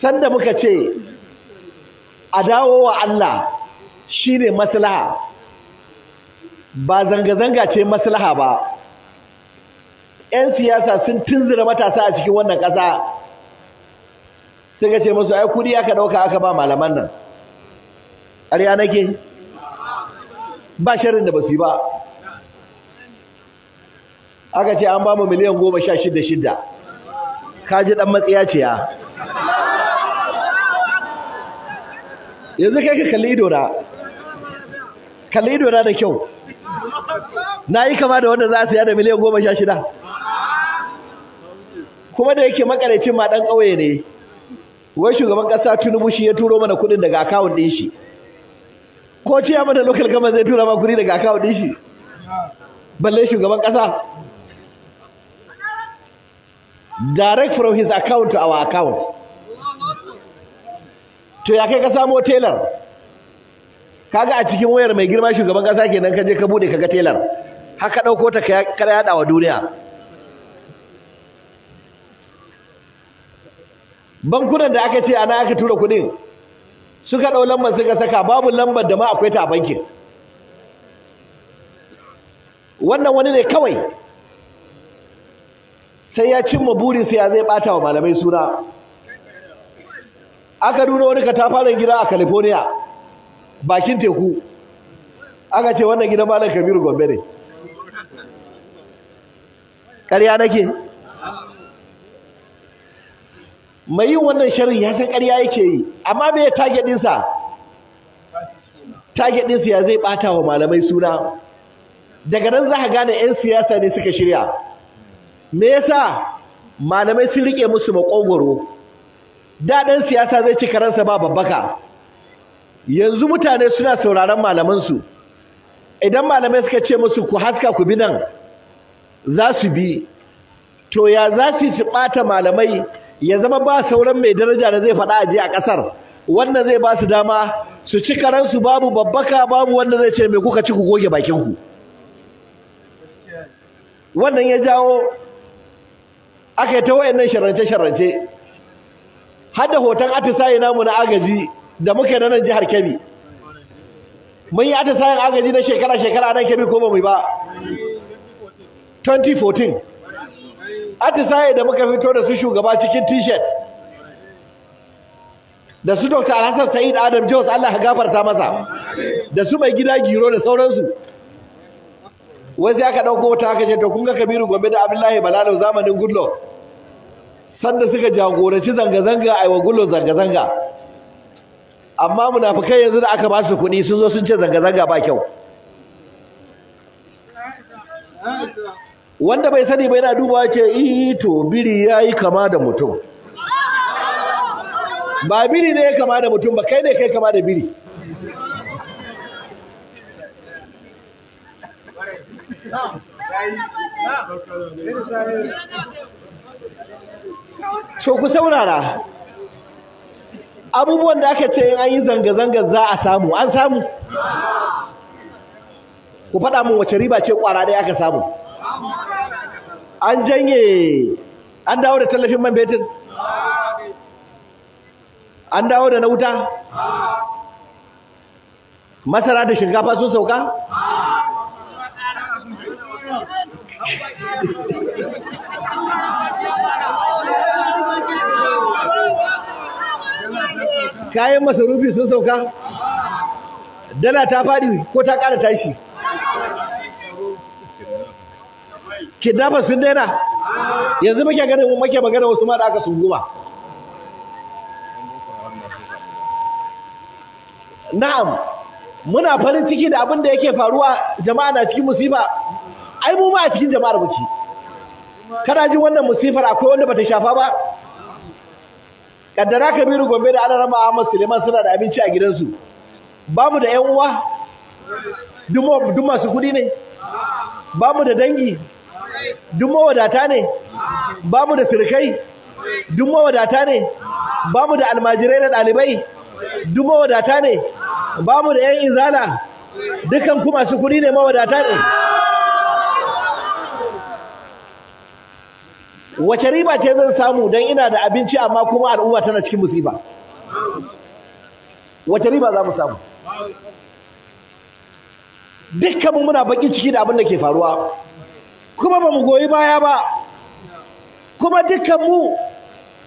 sanda muka ce a dawo wa Allah shi ne maslaha ba zanga-zanga ce maslaha ba 'yan siyasa sun tunzura matasa a cikin wannan ƙasa sun ce musu ai kudi aka ɗauka aka ba malaman nan ƙarya nake ba sharrin da ba su yi ba aka ce an ba mu miliyan goma sha shida shida ka ji ɗan matsiya ciya yanzu kai ka kalli ido na kalli ido na da kyau na yi kama da wanda za a siya da miliyan goma sha shida kuma da yake makarancin ma dan ƙauye ne wai shugaban ƙasa tunubu shi ya turo mana kuɗin daga akawun ɗin shi ko ce ya mana local gama zai tura ma kuɗi daga akawun ɗin shi balle shugaban ƙasa direct from his account to our account to ya kai ka samo telar kaga a cikin wayar mai girma shugaban kasa kenan ka je ka bude kaga telar haka dauko ta ka yada wa duniya bankunan da aka ce ana aka tura kudin suka dau lambar suka saka babu lambar da ma akwai ta a bankin wannan wani ne kawai sai ya cimma burin sai ya zai bata wa malamai suna aka nuna wani katafaren gida a california bakin teku aka ce wannan gidan malam kabiru gombe ne ƙarya nake mai yin wannan sharri ya san ƙarya yake yi amma me ya taget ɗinsa ya zai ɓata wa malamai suna daga nan za ka gane 'yan siyasa ne suka shirya me yasa malamai sun riƙe musu maƙogwaro? da ɗan siyasa zai ci karansa ba babbaka yanzu mutane suna sauraron malamansu idan malamai suka ce musu ku haska ku bi nan za su bi to ya za su su ɓata malamai ya zama ba sauran mai daraja da zai faɗa a a ƙasar wannan zai ba su dama su ci karansu babu babbaka babu wanda zai ce me kuka ci ku goge bakinku wannan ya jawo aka yi ta wayannan sharance-sharance har da hoton atisaye namu na agaji da muke na nan jihar Kebbi mun yi atisayen agaji na shekara shekara nan Kebbi ko ba mu ba 2014 atisaye da muka fito da su shugaba cikin t-shirt da su Dr. Alhassan Sa'id Adam Jones Allah ya gafarta masa da su mai gida giro da sauransu wai sai aka ɗauko wata aka ce to kun ga Kabiru Gombe da Abdullahi Balalo zamanin Goodluck sanda suka jagoranci zanga-zanga a wa gulo zanga-zanga amma munafukai yanzu da aka ba su kuɗi sun zo sun ce zanga-zanga ba kyau wanda bai sani bai na dubawa ce ii to biri ya yi kama da mutum ba biri ne ya kama da mutum ba kai ne kai kama da biri to ku saurara abubuwan da aka ce in an yi zanga-zangar za a samu an samu ku faɗa min wace riba ce ƙwara ɗaya aka samu an janye an dawo da tallafin man fetur an dawo da na wuta masara da shinkafa sun sauka kayan masarufi sun sauka dala ta faɗi ko ta ƙara tashi kidnappers sun daina yanzu muke ganin muke magana wasu ma da aka sunguma na'am muna farin ciki da abin da yake faruwa jama'a na cikin musiba ai mu ma cikin jama'ar muke kana jin wannan musifar akwai wanda bata shafa ba kaddara kabiru gombe da alarama ahmad suleiman suna da abinci a gidansu mu da ƴan uwa duk masu kuɗi ne mu da dangi duk mawadata ne mu da sirkai duk mawadata ne bamu da almajirai da ɗalibai duk mawadata ne bamu da 'yan inzala dukan ku masu kuɗi ne mawadata ne wace riba ce zan samu don ina da abinci amma kuma al'umma tana cikin musiba wace riba za mu samu dukkanmu muna baƙin ciki da abin da ke faruwa kuma ba mu goyi baya ba kuma dukkanmu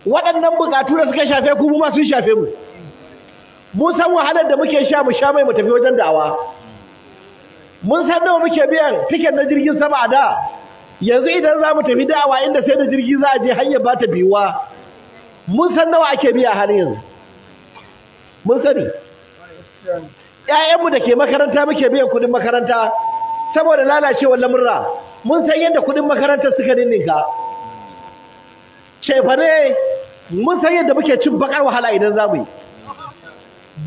waɗannan buƙatu da suka shafe ku sun shafe mu mun san wahalar da muke sha mu sha mai mu tafi wajen da'awa mun san nawa muke biyan tiket na jirgin sama a da yanzu idan za mu tafi da'awa inda sai da jirgi za a je hanya ba ta biyuwa mun san nawa ake biya har yanzu mun sani ƴaƴanmu da ke makaranta muke biyan kuɗin makaranta saboda lalacewar lamurra mun san yadda kuɗin makaranta suka ninninka cefa ne mun san yadda muke cin bakar wahala idan za mu yi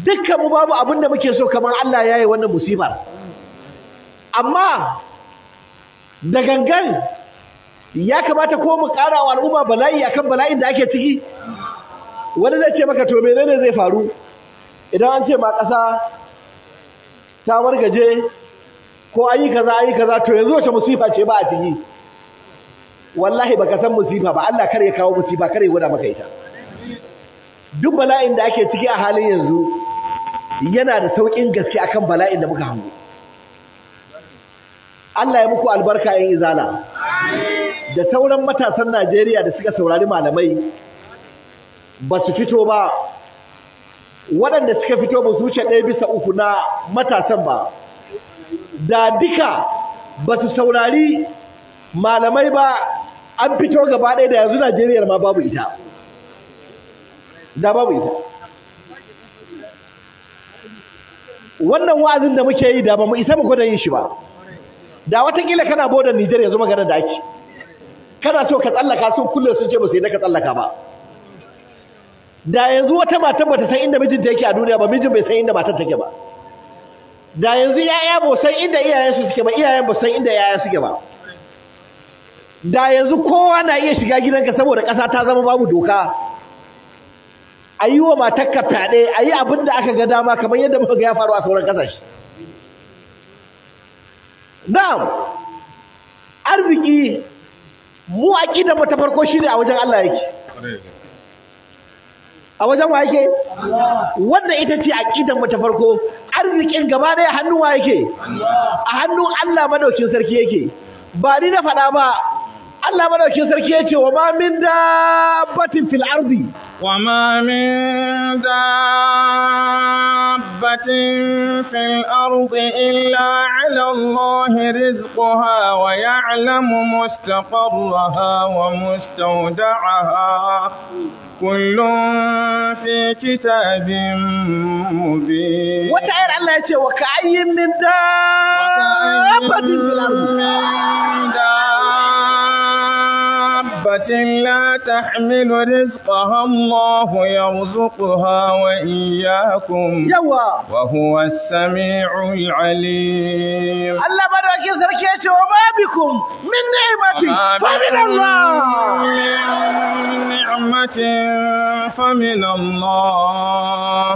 dukkan babu abin da muke so kamar Allah ya yi wannan musibar amma da gangan ya kamata ko mu ƙara wa al'umma bala'i akan bala'in da ake ciki wani zai ce maka to menene zai faru idan an ce ma ƙasa ta wargaje ko ayi kaza ayi kaza to yanzu wace musifa ce ba a ciki wallahi baka san musifa ba Allah kar ya kawo musifa kar ya gwada maka ita duk bala'in da ake ciki a halin yanzu yana da sauƙin gaske akan bala'in da muka hango Allah ya muku albarka yan izala da sauran matasan Najeriya da suka saurari malamai ba su fito ba waɗanda suka fito ba su wuce ɗaya bisa uku na matasan ba da duka ba su saurari malamai ba an fito gaba ɗaya da yanzu Najeriya ma babu ita da babu ita wannan wa'azin da muke yi da ba mu isa mu gwada yin shi ba da watakila kana bodan Nijar yanzu magana da ake kana so ka tsallaka sun kulle sun ce ba sai da ka tsallaka ba da yanzu wata ba bata san inda mijinta yake a duniya ba mijin bai san inda matar take ba da yanzu yaya ba san inda iyayensu suke ba iyayen ba san inda yaya suke ba da yanzu kowa na iya shiga gidanka saboda ƙasa ta zama babu doka a yi wa matarka fyaɗe a yi abin da aka ga dama kamar yadda muka ga ya faru a sauran ƙasashe na'am arziki mu aqida mu ta farko shine a wajen Allah yake a wajen wa yake wannan ita ce aqidan mu ta farko arzikin gaba daya hannun wa yake a hannun Allah madaukin sarki yake ba ni na faɗa ba Allah madaukin sarki ya ce wa ma min batin fil ardi wa ma min batin fil ardi illa ala Allah rizquha wa ya'lamu mustaqarraha wa mustawda'aha kullum في كتاب مبين وتعالى الله يتي وكأي من دابة في الأرض لا تحمل رزقها الله يرزقها وإياكم يوا. وهو السميع العليم الله بارك يزرك وما بكم من نعمة فمن الله من نعمة فمن الله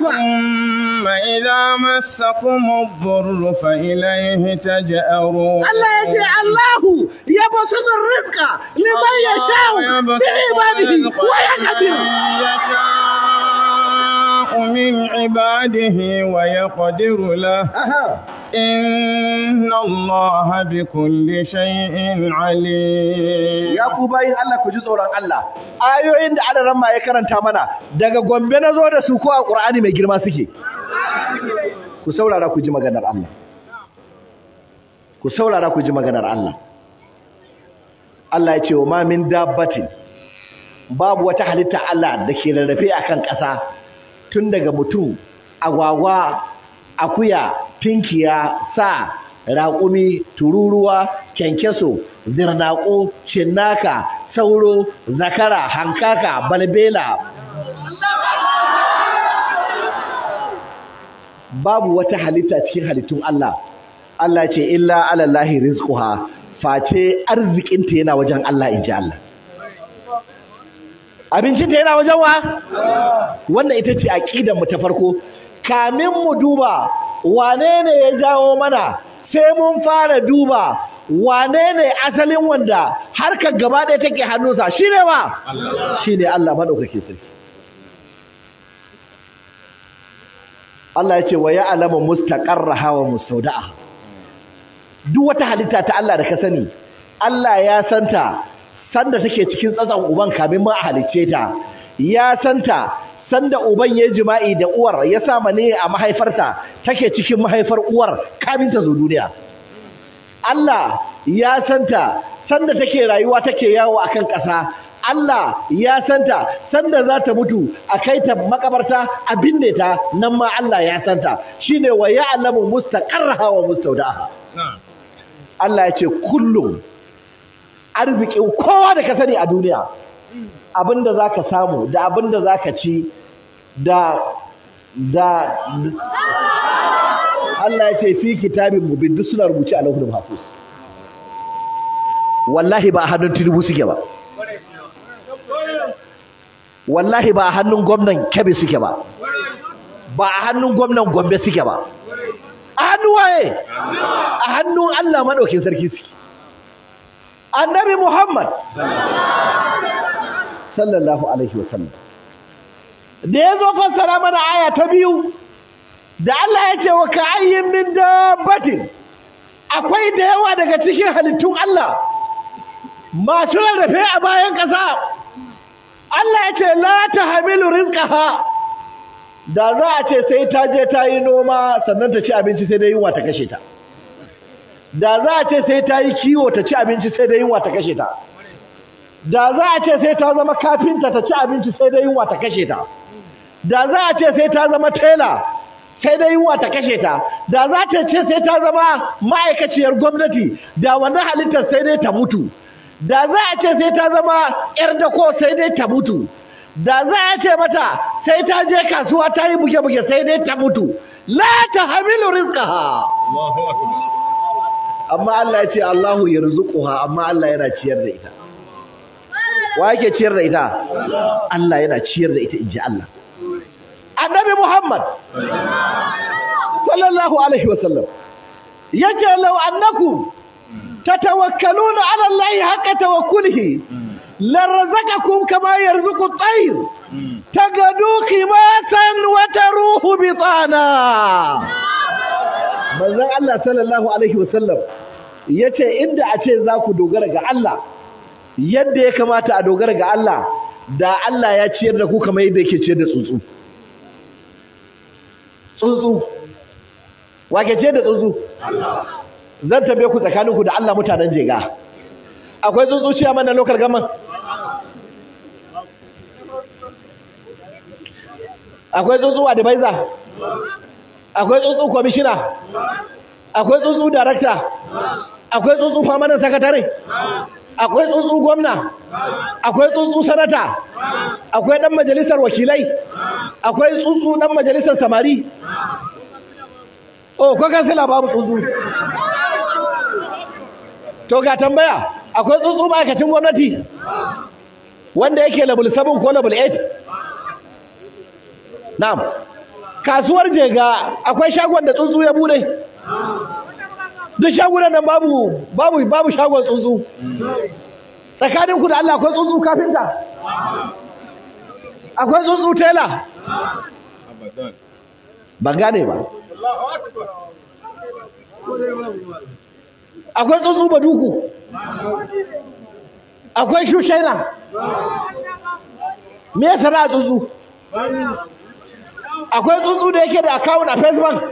ثم إذا مسكم الضر فإليه تجأرون الله يا الله يبسط الرزق لمن يشاء بعباده ويقدر من عباده ويقدر له إن الله بكل شيء عليم يا كوباي الله كجي tsoron Allah ayoyin da adaran ma ya karanta mana daga Gombe na zo da su ko a ƙur'ani mai girma suke ku saurara ku ji maganar Allah ku saurara ku ji maganar Allah Allah ya ce wa ma dabbatin babu wata halitta Allah da ke rarrafe a kan ƙasa tun daga mutum agwagwa akuya tinkiya sa raƙumi tururuwa kyankyaso zirnaƙo cinnaka sauro zakara hankaka balbela babu wata halitta cikin halittun Allah Allah ce illa alallahi rizquha face arzikinta yana wajen Allah in ji Allah abincinta yana wajen wa wannan ita ce aƙidar mu ta farko kamin mu duba wane ne ya jawo mana sai mun fara duba wane ne asalin wanda harkar gaba ɗaya take hannunsa shi ne ba shi ne Allah maɗaukaki sai. Allah ya ce wa ya alama mustaƙarra hawa musauda'a. duk wata halitta ta Allah da ka sani Allah ya santa sanda take cikin tsatsan uban kamin ma a halicce ta ya santa sanda uban ya jima'i da uwar ya sa mane a mahaifarta take cikin mahaifar uwar kamin ta zo duniya Allah ya santa sanda take rayuwa take yawo akan ƙasa Allah ya santa sanda za ta mutu a kai ta makabarta a binne ta nan ma Allah ya santa shine wa ya'lamu mustaqarraha wa mustawda'aha Allah ya ce kullum arzikin kowa da ka sani a duniya abinda za ka samu da abinda za ka ci da da Allah ya ce fi kitabin mubin duk suna rubuce a lauhul mahfuz wallahi ba a hannun tinubu suke ba wallahi ba a hannun gwamnan kebe suke ba ba a hannun gwamnan gombe suke ba a hannun waye a hannun Allah maɗaukin sarki suke annabi Muhammad sallallahu alaihi wasallam da ya zo fassara mana aya ta biyu da Allah ya ce wa ka'ayyin min dabbatin akwai da yawa daga cikin halittun Allah masu rarrafe a bayan ƙasa Allah ya ce la ta hamilu rizqaha da za a ce sai ta je ta yi noma sannan ta ci abinci sai dai yunwa ta kashe ta da za a ce sai ta yi kiwo ta ci abinci sai dai yunwa ta kashe ta da za a ce sai ta zama kafinta ta ci abinci sai dai yunwa ta kashe ta da za a ce sai ta zama tela sai dai yunwa ta kashe ta da za ta ce sai ta zama ma'aikaciyar gwamnati da wannan halittar sai dai ta mutu da za a ce sai ta zama yar dako sai dai ta mutu da za a ce mata sai ta je kasuwa ta yi buge-buge sai dai ta mutu la ta hamilu rizqaha amma Allah ya ce Allahu ya yarzuquha amma Allah yana ciyar da ita wa yake ciyar da ita Allah yana ciyar da ita in ji Allah annabi Muhammad sallallahu alaihi wasallam yace law annakum tatawakkaluna ala Allah haqqa tawakkulihi لرزقكم كما يرزق الطير تغدو خماسا وتروح بطانا manzon Allah sallallahu alaihi wasallam yace inda a ce za ku dogara ga Allah yadda ya kamata a dogara ga Allah da Allah ya ciyar da ku kamar yadda yake ciyar da tsuntsu tsuntsu wa ke ciyar da tsuntsu zan tambaye ku tsakaninku da Allah mutanen jega akwai tsuntsu ciya na local gaman. akwai tsuntsu a baiza akwai tsuntsu komishina? akwai tsuntsu darakta akwai tsuntsu famanin sakatare akwai tsuntsu gwamna akwai tsuntsu sanata akwai dan majalisar wakilai akwai tsuntsu dan majalisar samari oh ko kansila babu tsuntsu to ga tambaya akwai tsuntsu ma'aikacin gwamnati wanda yake level 7 ko level 8 na'am kasuwar jega akwai shagon da tsuntsu ya bude duk shagunan nan babu babu babu shagon tsuntsu tsakanin ku da Allah akwai tsuntsu kafinta akwai tsuntsu tela ban gane ba akwai tsuntsu baduku akwai shushaira me ya tara tsuntsu akwai tsuntsu da yake da akawun a facebook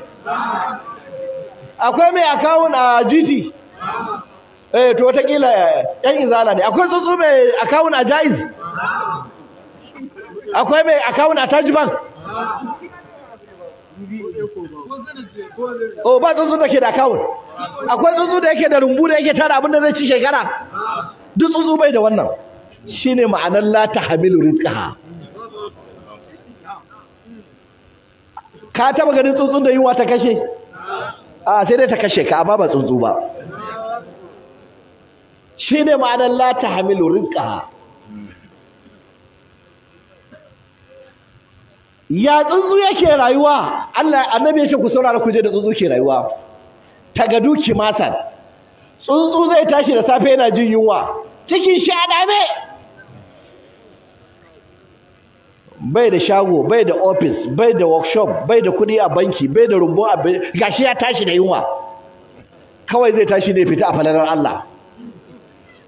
akwai mai akawun a gt eh to watakila yan eh, izala ne akwai tsuntsu mai akawun a jaiz akwai mai akawun a tajiban o oh, ba tsuntsu da ke da akawun akwai tsuntsu da yake da rumbu da yake tara abinda zai ci shekara duk tsuntsu bai da wannan shine ma'anar la tahmilu rizqaha ka taba ganin tsuntsun da yunwa ta kashe a sai dai ta kashe ka amma ba tsuntsu ba shine ma'anar la tahmilu rizqaha ya tsuntsu yake rayuwa Allah annabi ya ce ku saurara ku je da tsuntsu ke rayuwa tagadu kimasan tsuntsu zai tashi da safe yana jin yunwa cikin shi a bai da shago bai da ofis bai da workshop bai da kudi a banki bai da rumbu a gashi ya tashi da yunwa kawai zai tashi ne fita a falalar Allah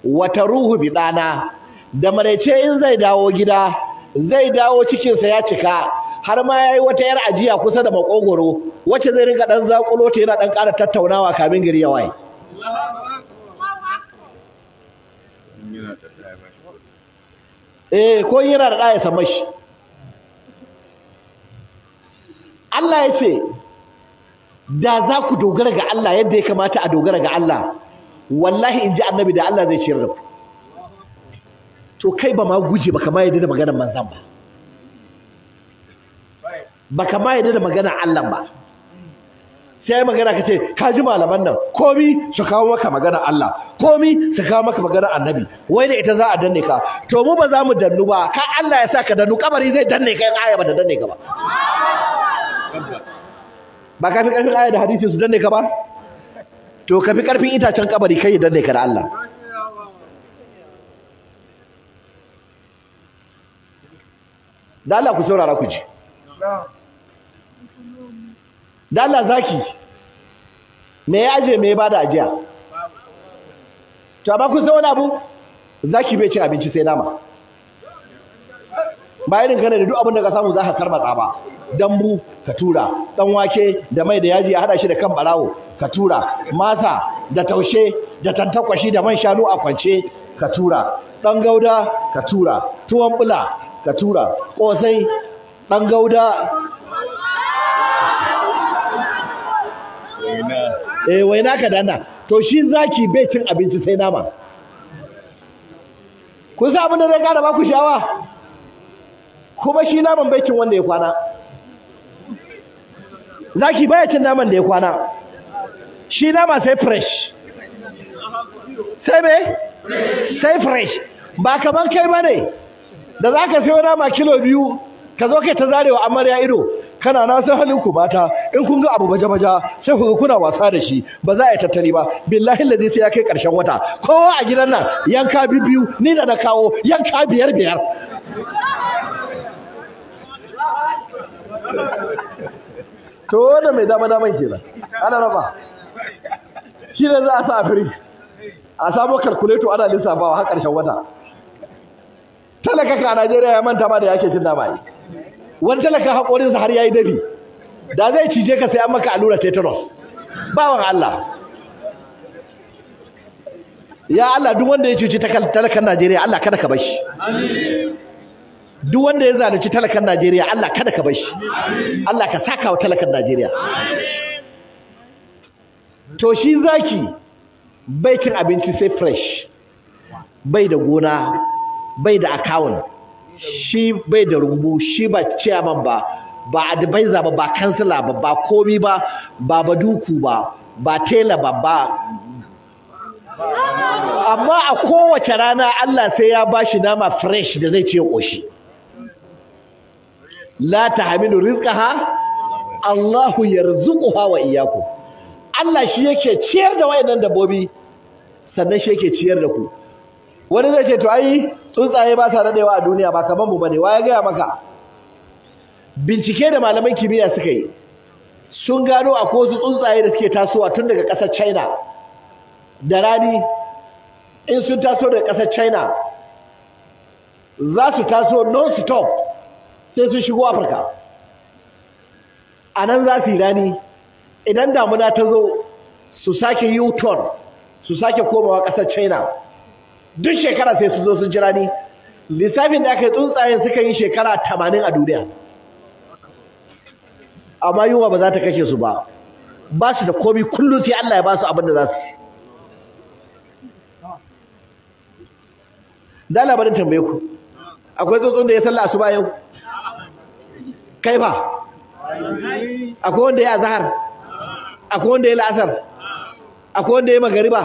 wata ruhu bi dana da maraice in zai dawo gida zai dawo cikinsa ya cika har ma ya yi wata yar ajiya kusa da makogoro wacce zai riga ɗan zakulo ta yana ɗan ƙara tattaunawa kamin gari ya waye eh ko yana da ɗaya sama shi. Allah ya ce da za ku dogara ga Allah yadda ya kamata a dogara ga Allah wallahi in ji annabi da Allah zai ciyar da ku to kai ba ma guje ba kama yadda da maganar manzan ba ba kama yadda da maganar Allah ba sai magana ka ce ka ji malaman nan komi su kawo maka magana Allah komi su kawo maka magana annabi wai da ita za a danne ka to mu ba za mu dannu ba ka Allah ya sa ka dannu kabari zai danne ka in aya ba ta danne ka ba ba ka fi karfin aya da hadisi su danne ka ba to ka fi karfin itacen kabari kai ya danne ka da Allah da Allah ku saurara ku ji da Allah zaki me ya aje me ya da ajiya to amma kun san wani abu zaki bai ci abinci sai nama ba irin kana da duk abin da ka samu za ka karmatsa ba dambu ka tura dan wake da mai da yaji a hada shi da kan barawo ka tura masa da taushe da tantakwashi da man shanu a kwance ka tura dan gauda ka tura tuwon bula ka tura kosai dan gauda eh wai naka dana to shi zaki bai cin abinci sai nama ku sa abin da zai ba baku sha'awa kuma shi naman bai cin wanda ya kwana zaki baya cin naman da ya kwana shi nama sai fresh sai me sai fresh ba kaman kai bane da zaka sayo nama kilo biyu ka zo kai ta zarewa amarya ido kana na san halin ku mata in kun ga abu baje-baje sai ku kuna wasa da shi ba za a yi tattali ba billahi lazi sai ya kai karshen wata kowa a gidan nan yanka biyu ni da na kawo yanka biyar biyar to wanda mai dama daman kenan ana raba shi ne za a sa a firis a samo kalkuleto ana lissafawa har karshen wata talaka ka a Najeriya ya manta ma da yake cin dama yi wani talaka haƙorinsa har ya yi dabi da zai cije ka sai an maka allura tetanus bawan Allah ya Allah duk wanda ya cuci talakan Najeriya Allah kada ka bashi duk wanda ya zalunci talakan Najeriya Allah kada ka bashi Allah ka saka wa talakan Najeriya to shi zaki bai cin abinci sai fresh bai da gona bai da account shi bai da rumbu shi ba ciyaman ba ba advisor ba ba kansila ba ba komi ba ba baduku ba ba tela ba ba amma a kowace rana Allah sai ya ba shi nama fresh da zai ce ƙoshi la ta hamilu rizqaha Allahu yarzuquha wa iyyakum Allah shi yake ciyar da wayannan dabbobi sannan shi yake ciyar da ku wani zai ce to ai tsuntsaye ba sa dadewa a duniya ba kamar mu bane ya gaya maka bincike da malaman kimiyya suka yi sun gano akwai wasu tsuntsaye da suke tasowa tun daga ƙasar China da rani in sun taso daga ƙasar China za su taso non stop sai sun shigo Afirka a nan za su yi rani idan damuna ta zo su sake U-turn su sake komawa ƙasar China duk shekara sai su zo sun jira ni lissafin da aka yi tsuntsayen suka yi shekara tamanin a duniya amma yunwa ba za ta kashe su ba ba su da komi kullum sai Allah ya ba su abin da za su ci da labarin tambaye ku akwai tsuntsun da ya sallah ba yau kai ba akwai wanda ya zahar akwai wanda ya la'asar akwai wanda ya magariba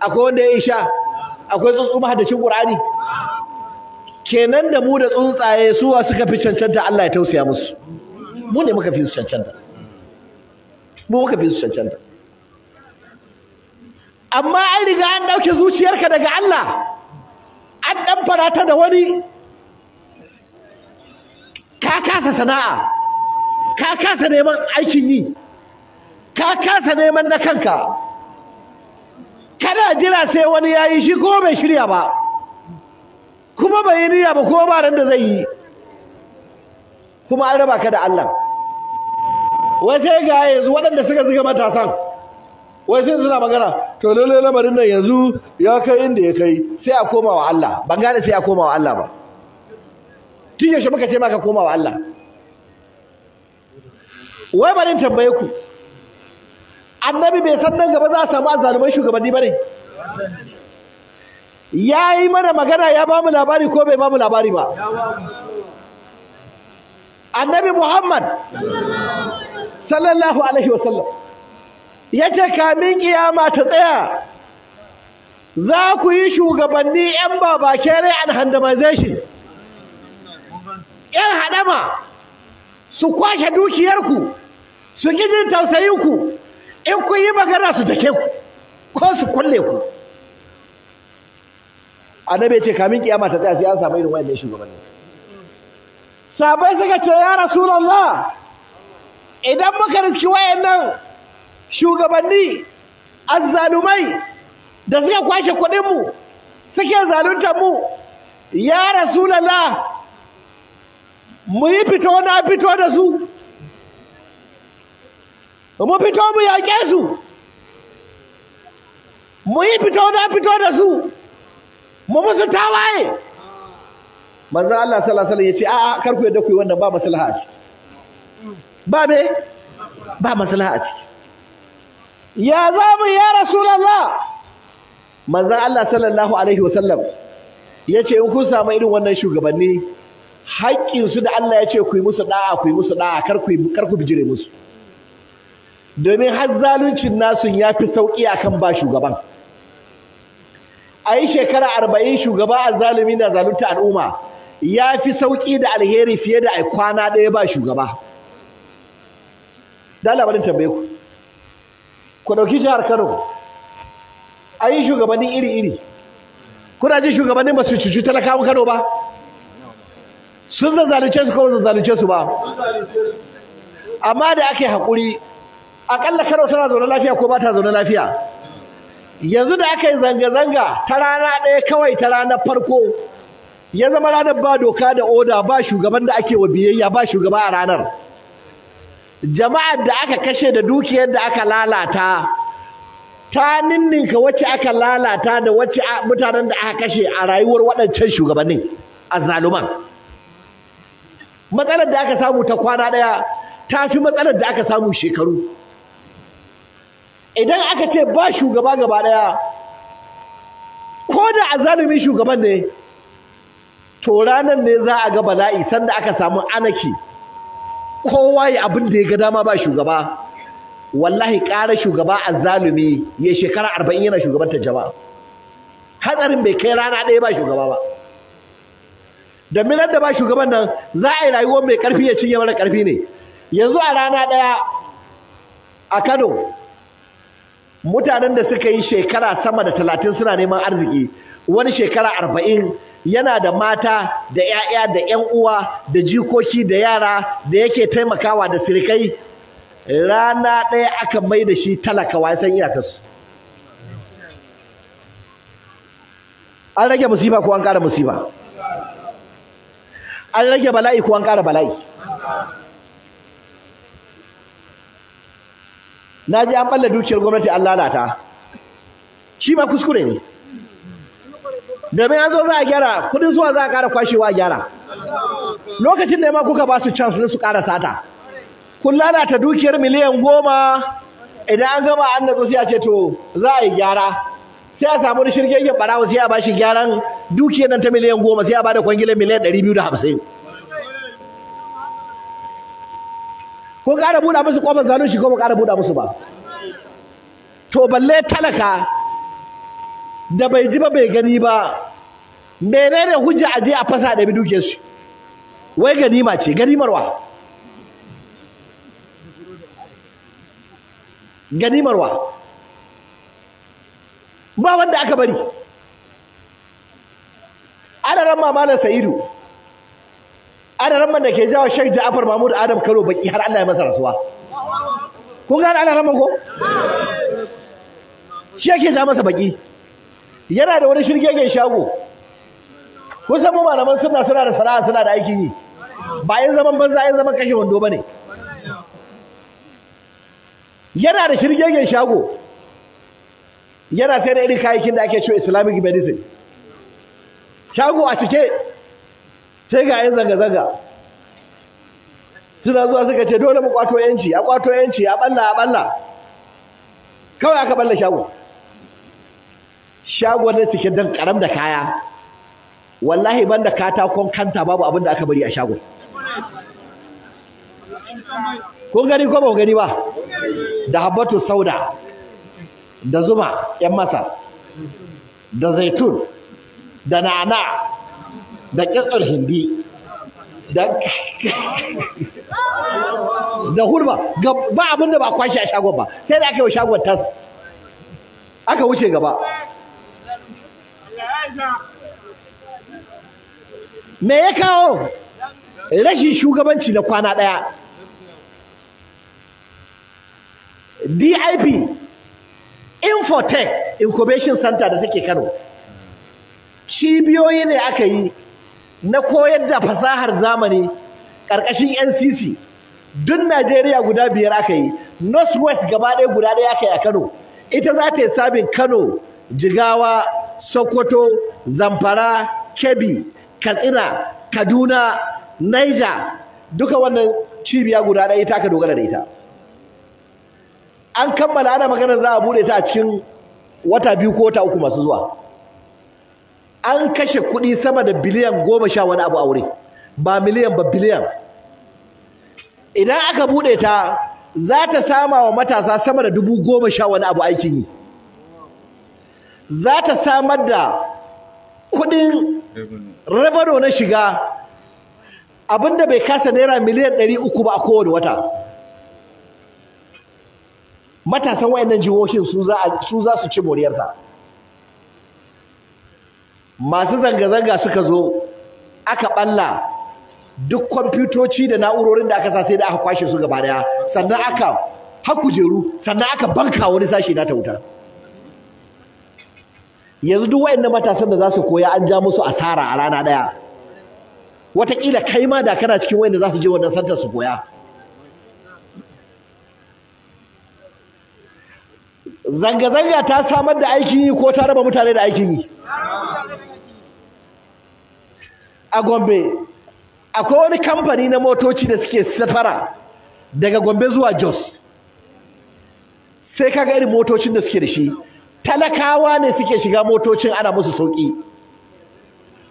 akwai wanda ya isha akwai tsuntsu mahaddacin ƙur'ani kenan da mu da tsuntsaye suwa suka fi cancanta Allah ya tausaya musu mu ne muka fi su cancanta mu muka fi su cancanta amma an riga an ɗauke zuciyarka daga Allah an ɗan ta da wani ka kasa sana'a ka kasa neman aikin yi ka kasa neman na kanka kana jira sai wani ya yi shi ko bai shirya ba kuma bai yi niyya ba ko ba ran da zai yi kuma an raba ka da Allah wai sai ga yanzu waɗanda suka zuga matasan wai sai suna magana to lalle lamarin nan yanzu ya kai inda ya kai sai a koma wa Allah ban gane sai a koma wa Allah ba tun yaushe muka ce maka koma wa Allah wai barin tambaye ku annabi bai san nan gaba za a samu azzaluman shugabanni ba ne ya yi mana magana ya ba mu labari ko bai ba mu labari ba annabi muhammad sallallahu alaihi wasallam ya ce kamin kiyama ta tsaya za ku yi shugabanni 'yan babakere and handamization 'yan hadama su kwashe dukiyarku su gijin tausayinku in kun yi magana su dake ku ko su kulle ku annabi ce kamin kiyama ta tsaya sai an samu irin wayannan shugabanni sabai suka ce ya rasulullah idan muka riski wayannan shugabanni azzalumai da suka kwashe kuɗin mu suke zaluntar mu ya rasulullah mu yi fito na fito da su mu fito mu yaƙe su mu yi fito na fito da su mu musu tawaye manzan Allah sallallahu alaihi wasallam ce a'a kar ku yadda ku yi wannan ba maslaha a ciki ba me ba maslaha a ciki ya za mu ya rasulullah manzan Allah sallallahu alaihi wasallam ce in kun samu irin wannan shugabanni haƙƙinsu da Allah ya ce ku yi musu da'a ku yi musu da'a kar ku bijire musu domin har zaluncin nasu ya fi sauƙi akan ba shugaban a yi shekara arba'in shugaba a zalumi na zalunta al'umma ya fi sauƙi da alheri fiye da a kwana ɗaya ba shugaba da labarin tambaye ku ku ɗauki jihar kano a yi shugabanni iri-iri kuna ji shugabannin ba su cuci talakawan kano ba sun zazzalice su ko zazzalice su ba amma da ake haƙuri akalla karo tana zaune lafiya ko ba ta zaune lafiya yanzu da aka yi zanga-zanga ta rana ɗaya kawai ta ranar farko ya zama ranar ba doka da oda ba shugaban da ake wa biyayya ba shugaba a ranar jama'ar da aka kashe da dukiyar da aka lalata ta ninninka wacce aka lalata da wacce mutanen da aka kashe a rayuwar waɗancan shugabannin a zaluman matsalar da aka samu ta kwana ɗaya ta fi matsalar da aka samu shekaru idan aka ce ba shugaba gaba daya ko da a zalumin shugaban ne to ranar ne za a ga bala'i sanda aka samu anaki kowa ya abin da ya ga dama ba shugaba wallahi ƙara shugaba a zalumi. ya shekara arba'in yana ta jama'a hatsarin bai kai rana ɗaya ba shugaba ba da minar da ba shugaban nan za a yi rayuwa mai ƙarfi ya cinye mara ƙarfi ne yanzu a rana ɗaya a kano mutanen da suka yi shekara sama da talatin suna neman arziki wani shekara arba'in yana da mata da 'ya'ya da 'yan uwa da jikoki da yara da yake taimakawa da sirikai rana ɗaya aka mai da shi talakawa ya san iyakarsu an rage musiba ko an ƙara musiba an rage bala'i ko an ƙara bala'i na ji an balla dukiyar gwamnati an lalata shi ma kuskure ne domin an zo za a gyara kudin suwa za a ƙara kwashewa a gyara lokacin da ya ma kuka ba su chance ne su ƙara sata kun lalata dukiyar miliyan goma idan an gama an natsu sai a ce to za a yi gyara sai a samu shirgegen barawa sai a ba shi gyaran dukiyar nan ta miliyan goma sai a ba da kwangilar miliyan ɗari biyu da hamsin ko ƙara buɗa musu ƙofar zalunci ko ba ƙara buɗa musu ba to balle talaka da bai ji ba bai gani ba menene hujja a je a fasa da bi duke su wai ganima ce ganimar wa Gani marwa? ba wanda aka bari ana ran mamalar sa'idu adaran da ke jawo Sheikh Ja'far Mahmud Adam Karo baki har Allah ya masa rasuwa kun gane adaran ko shi yake ja masa baki yana da wani shirgegen shago kusan mu malaman suna suna da sana'a suna da aikin yi ba yin zaman banza yin zaman kashe wando bane yana da shirgegen shago yana sai da irin kayayyakin da ake cewa islamic medicine shago a cike sai ga yin zanga-zanga suna zuwa suka ce dole mu kwato yanci a kwato yanci a balla a balla kawai aka balla shago shago na cike dan karam da kaya wallahi banda katakon kanta babu abin da aka bari a shago kun gani ko ba gani ba da habbatu sauda da zuma yan masa da zaitun da nana da ƙyaƙƙar hindi da hurma, ba abin da ba kwashi a shagon ba sai da aka yi wa shagon tas aka wuce gaba me ya kawo rashin shugabanci na kwana ɗaya dip infotech incubation center da take kano cibiyoyi ne aka yi na koyar da fasahar zamani ƙarƙashin NCC duk Najeriya guda biyar aka yi North West gaba ɗaya guda ɗaya aka yi a Kano ita za ta yi sabin Kano Jigawa Sokoto Zamfara Kebbi Katsina Kaduna Niger duka wannan cibiya guda ɗaya ita aka dogara da ita an kammala ana maganar za a bude ta a cikin wata biyu ko wata uku masu zuwa an kashe kuɗi sama da biliyan goma sha wani abu a wuri ba miliyan ba biliyan idan aka buɗe ta za ta sama wa matasa sama da dubu goma sha wani abu aiki yi za ta samar da kuɗin rabaro na shiga abinda bai kasa naira miliyan ɗari uku ba a kowane wata matasan wayannan jihohin su za su ci moriyarsa masu zanga-zanga suka zo aka balla duk kwamfutoci da na'urorin da aka sa sai da aka kwashe su gaba daya sannan aka hakujeru sannan aka banka wani sashi na ta wuta yanzu duk na matasan da za su koya an ja musu asara a rana daya wataƙila kai ma da kana cikin da za su je wannan santar su koya zanga-zanga ta samar da aikin yi ko ta raba mutane da aikin yi a Gombe akwai wani kamfani na motoci da suke safara daga Gombe zuwa Jos sai kaga irin motocin da suke da shi talakawa ne suke shiga motocin ana musu sauki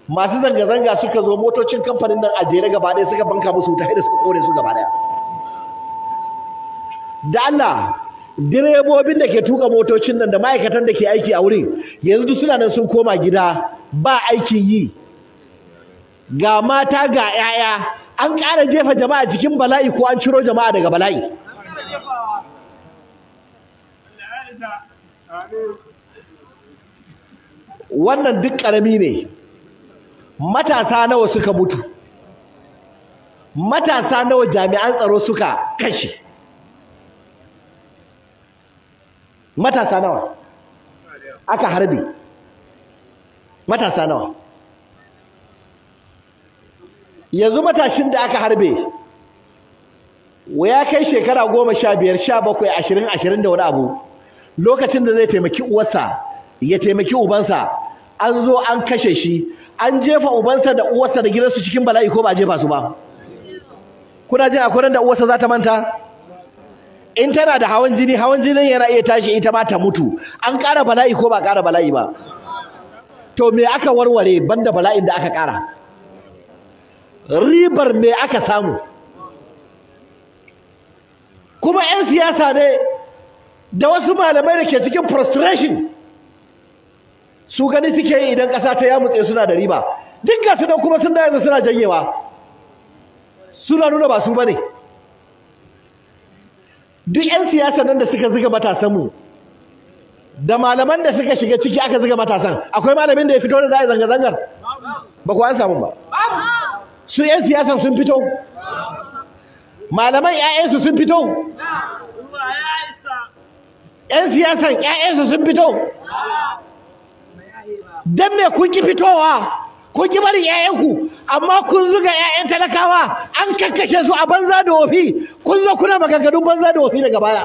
masu zanga-zanga suka zo motocin kamfanin nan a jere gaba ɗaya suka banka musu wuta da suka kore su gaba ɗaya da Allah direbobin da ke tuka motocin nan da ma'aikatan da ke aiki a wurin yanzu duk suna nan sun koma gida ba aikin yi ga mata ga 'ya'ya an ƙara jefa jama'a cikin bala'i ko an ciro jama'a daga bala'i wannan duk ƙarami ne matasa nawa suka mutu matasa nawa jami'an tsaro suka kashe matasa nawa aka harbi matasa nawa yanzu matashin da aka harbe ya kai shekara goma sha biyar sha bakwai ashirin ashirin da wani abu lokacin da zai taimaki uwarsa ya taimaki ubansa an zo an kashe shi an jefa ubansa da uwarsa da gidansu cikin bala'i ko ba jefa su ba kuna jin akwai da uwarsa za ta manta in tana da hawan jini hawan jini yana iya tashi ita ma ta mutu an kara bala'i ko ba ƙara bala'i ba to me aka warware banda bala'in da aka kara ribar me aka samu kuma 'yan siyasa ne da wasu malamai da ke cikin frustration su gani suke yi idan ƙasa ta yamutse suna da riba duk su da kuma sun da yanzu suna janyewa suna nuna ba su bane duk 'yan siyasa nan da suka ziga matasanmu da malaman da suka shiga ciki aka ziga matasan akwai malamin da ya fito da za a zanga-zangar ba ku an samu ba su 'yan siyasan sun fito malaman 'ya'yansu sun fito 'yan siyasan 'ya'yansu sun fito don me kun ki fitowa kun ki bari 'ya'yanku amma kun zuga 'ya'yan talakawa an kakkashe su a banza da wofi kun zo kuna magagadun banza da wofi daga baya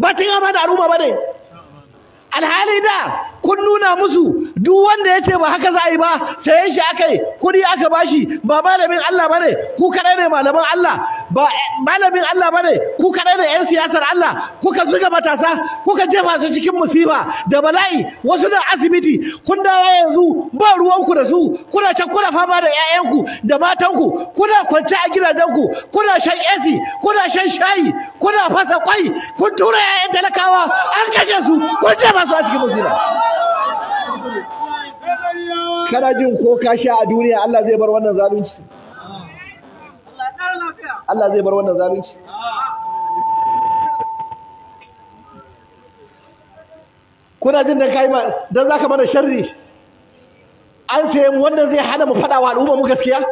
ba cin da al'umma ba ne alhali da kun nuna musu duk wanda ya ce ba haka za a yi ba sayan shi aka yi kuɗi aka bashi ba malamin Allah bane ku kaɗai ne malaman Allah ba malamin Allah bane ku kaɗai ne 'yan siyasar Allah kuka zuga matasa kuka jefa masu cikin musiba da bala'i wasu na asibiti kun dawo yanzu ba ruwanku da su kuna can kuna fama da 'ya'yanku da matanku kuna kwance a gidajenku kuna shan AC kuna shan shayi kuna fasa kwai kun tura 'ya'yan talakawa an kashe su kun jefa su a cikin musiba kana jin ko ka sha a duniya Allah zai bar wannan zalunci Allah zai bar wannan zalunci kuna jin da kai ma dan zaka mana sharri an sai wannan zai hana mu fada wa al'umma mu gaskiya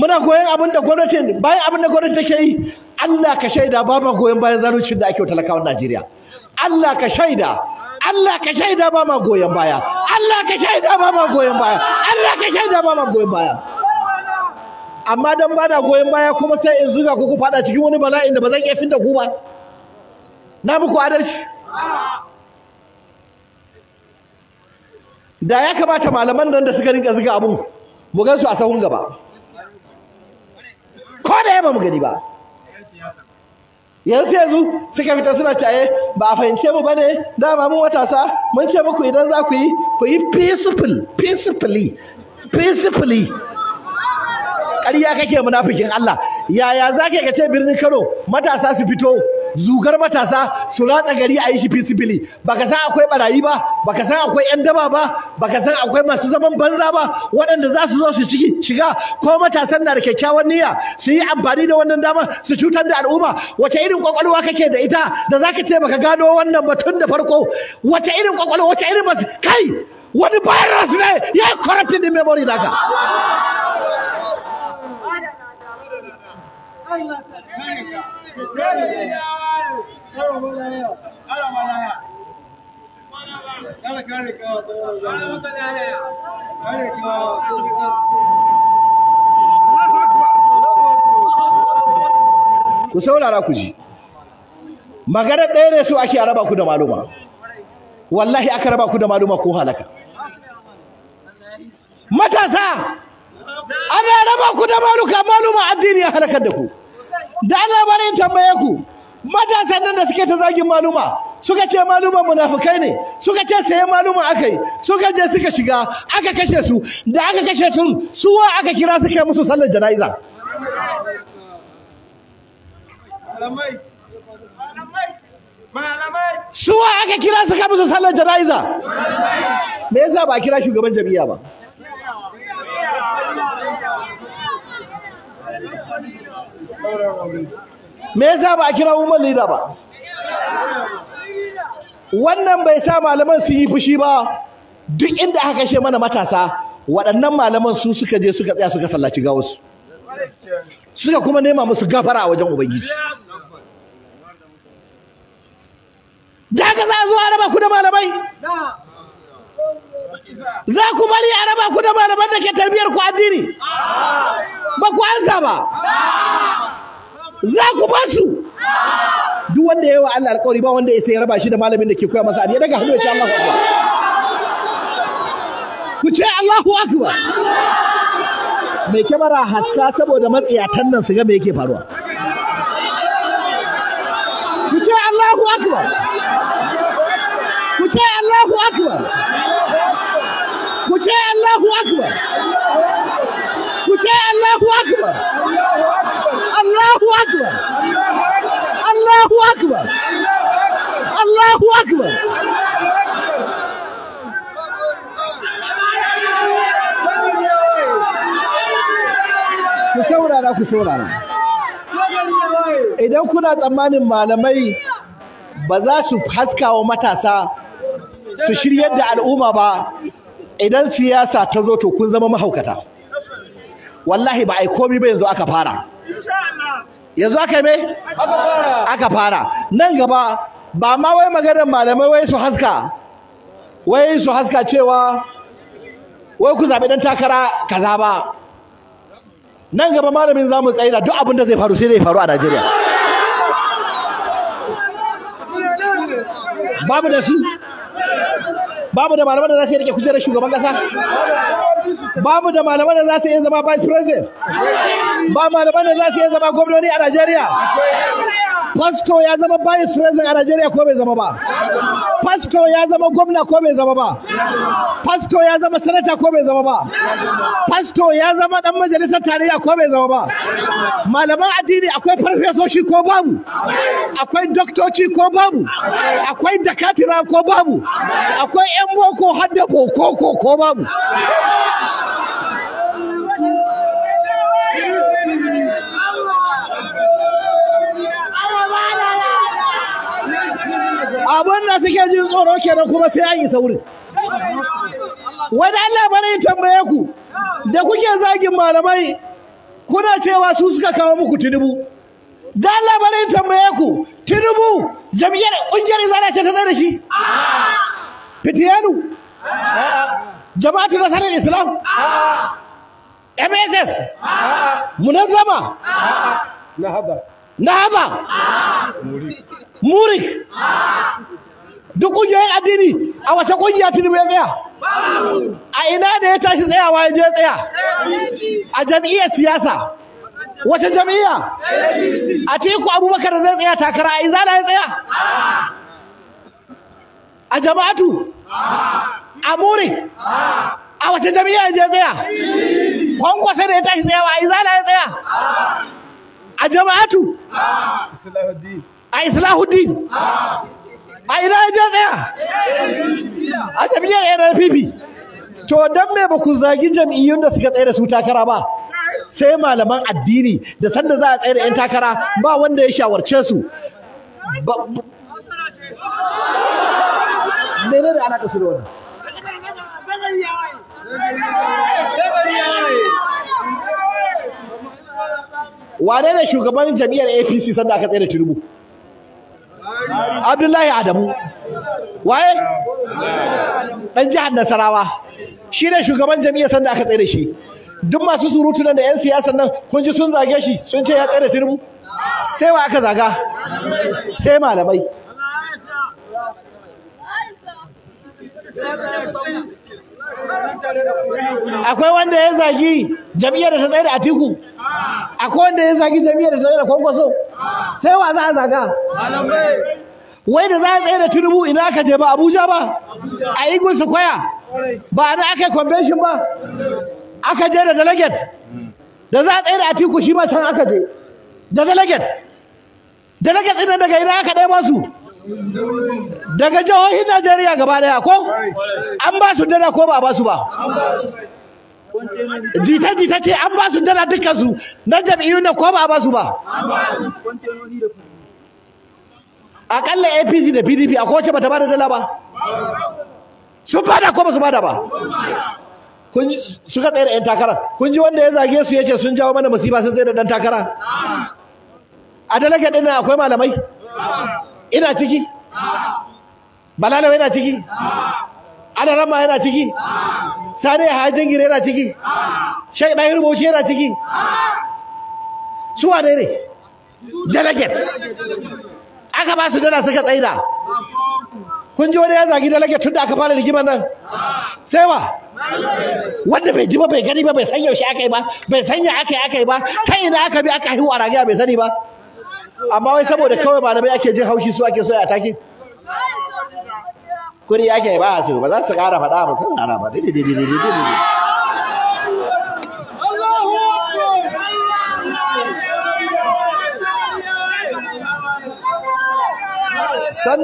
muna goyon abin da gwamnati bayan abin da gwamnati take yi Allah ka shaida ba ma goyon bayan zalunci da ake wa talakawan Najeriya Allah ka shaida Allah ka shaida ba ma goyon baya Allah ka shaida ba ma goyon baya Allah ka shaida ba ma goyon baya amma dan ba da goyon baya kuma sai in zuga ku ku fada cikin wani bala'in da ba zan iya finta ku ba na muku adalci da ya kamata malaman nan da suka rinka zuga abun mu gan su a sahun gaba ko da yamma mu gani ba yanzu yanzu suka fita suna caye eh, ba a fahimce mu bane dama mu matasa mun ce muku idan za ku yi ku yi peaceful peacefully peacefully ƙarya kake munafikin Allah yaya zaka ka ce birnin Kano matasa su fito zugar matasa su ratsa gari a yi shi fisibili baka san akwai barayi ba baka san akwai yan daba ba baka san akwai masu zaman banza ba waɗanda za su zo su ciki shiga ko matasan na da kyakkyawan niyya su yi amfani da wannan dama, su cutar da al'umma wace irin kwakwalwa kake da ita da zaka ce baka gano wannan batun da farko wace irin kwakwalwa wace irin kai wani virus ne ya yi corrupting din memory naka Ku saurara ku ji. Magana ɗaya ne su ake araba ku da maluma. Wallahi aka raba ku da maluma ko halaka. Matasa! Ana raba ku da maluka maluma addini ya halakar da ku. da Allah bari in tambaye ku matasan nan da suke ta zagin maluma suka ce maluma munafukai ne suka ce saye maluma aka yi suka je suka shiga aka kashe su da aka kashe tun suwa aka kira suka yi musu sallar jana'iza suwa aka kira suka musu sallar jana'iza me yasa ba a kira shugaban jami'a ba me yasa ba a kira Umar leader ba wannan bai sa malaman su yi fushi ba duk inda aka kashe mana matasa waɗannan malaman su suka je suka tsaya suka sallaci gawarsu suka kuma nema musu gafara a wajen ubangiji da haka za a zo raba ku da malamai za ku bari a raba ku da malaman da ke tarbiyar ku addini ba ku ansa ba za ku ba su duk wanda ya yi wa Allah alƙawari ba wanda ya sai raba shi da malamin da ke koya masa addini daga hannu ya ce Allahu akbar ku ce Allahu akbar mai kyamara haska saboda matsiyatan nan su ga me yake faruwa ku ce Allahu akbar ku ce Allahu akbar akbar ku ce Allahu akbar ku ce Allahu akbar Allahu akbar Allahu akbar Allahu akbar ku saurara ku saurara idan kuna tsammanin malamai ba za su haskawa matasa su shiryar da al'umma ba idan siyasa ta zo to kun zama mahaukata wallahi ba ai komi ba yanzu aka fara yanzu aka me aka fara nan gaba ba ma wai maganar malamai wai su haska wai su haska cewa wai ku zaɓi dan takara kaza ba nan gaba malamin zamu tsaida duk abin da zai faru sai zai faru a Najeriya babu da su babu da malaman da za su rike kujerar shugaban kasa ba mu da malaman da za su iya zama vice president ba malaman da za su iya zama gwamnoni a Najeriya Pastor ya zama vice president a Najeriya ko bai zama ba Pastor ya zama gwamna ko bai zama ba Pastor ya zama sanata ko bai zama ba Pastor ya zama dan majalisar tarayya ko bai zama ba malaman addini akwai farfesoshi ko babu akwai doktoci ko babu akwai dakatira ko babu akwai yan boko hadda boko ko babu abin da suke jin tsoro kenan kuma sai an yi wurin wani Allah bari tambaye ku da kuke zagin malamai kuna cewa su suka kawo muku tinubu da Allah bari tambaye ku tinubu jam'iyyar kungiyar zana ce ta zai da shi fitiyanu jama'atu nasarar islam mss munazzama nahaba nahaba A'a. duk ƙungiyoyin addini a wace ƙungiya tinubu ya tsaya a ina da ya tashi tsayawa ya je tsaya a jam'iyyar siyasa wace jam'iyya a teku abubakar da zai tsaya takara a izana ya tsaya a jama'atu a buri a wace jami'a ya je tsaya kwankwasa da ya tashi tsayawa a izala ya tsaya a jama'atu a islahuddin a ina ya je tsaya a jami'a ya jami'ar fifi to don me ba ku zagi jam'iyyun da suka tsaye da su takara ba sai malaman addini da sanda za a tsaye da 'yan takara ba wanda ya shawarce su mene da ana kasu da wannan wane ne shugaban jami'ar apc sanda aka tsaye da abdullahi adamu waye dan jihar nasarawa shi ne shugaban jami'ar sanda aka tsaye da shi duk masu surutu nan da 'yan siyasa nan kun ji sun zage shi sun ce ya tsaye da sai wa aka zaga sai malamai akwai wanda ya zagi jami'ar da ta tsaye da atiku akwai wanda ya zagi jami'ar da ta tsaye da kwankwaso sai wa za a zaga wai da za a tsaye da tunubu ina aka je ba abuja ba a yi gunsu kwaya ba da aka yi convention ba aka je da delegate da za a tsaye da atiku shi ma can aka je da delegate delegate ɗin daga ina aka ɗaya masu daga jihohin Najeriya gaba daya ko an ba su dala ko ba ba su ba jita jita ce an ba su dala dukkan su na jam'iyyu ne ko ba ba su ba akalla APC da PDP a wacce bata ba da dala ba sun bada ko ba su bada ba kun suka tsaye da yan takara kun ji wanda ya zage su ya ce sun jawo mana musiba sun tsaye da dan takara a dalaga din akwai malamai ina ciki balala yana ciki ana yana ciki sare hajin gire yana ciki shai bayan rubuci yana ciki su wane ne delegate aka ba su dala suka tsaida kun ji wani ya zagi delegate tun da aka fara rigimar nan sai ba wanda bai ji ba bai gani ba bai san yaushe aka yi ba bai san ya aka yi aka yi ba ta ina aka bi aka haihu a ragiya bai sani ba amma wai saboda kawai malamai ake jin haushi su ake so ya take kuri yake ba su ba za su kara faɗa ba sun ƙara ba dai dai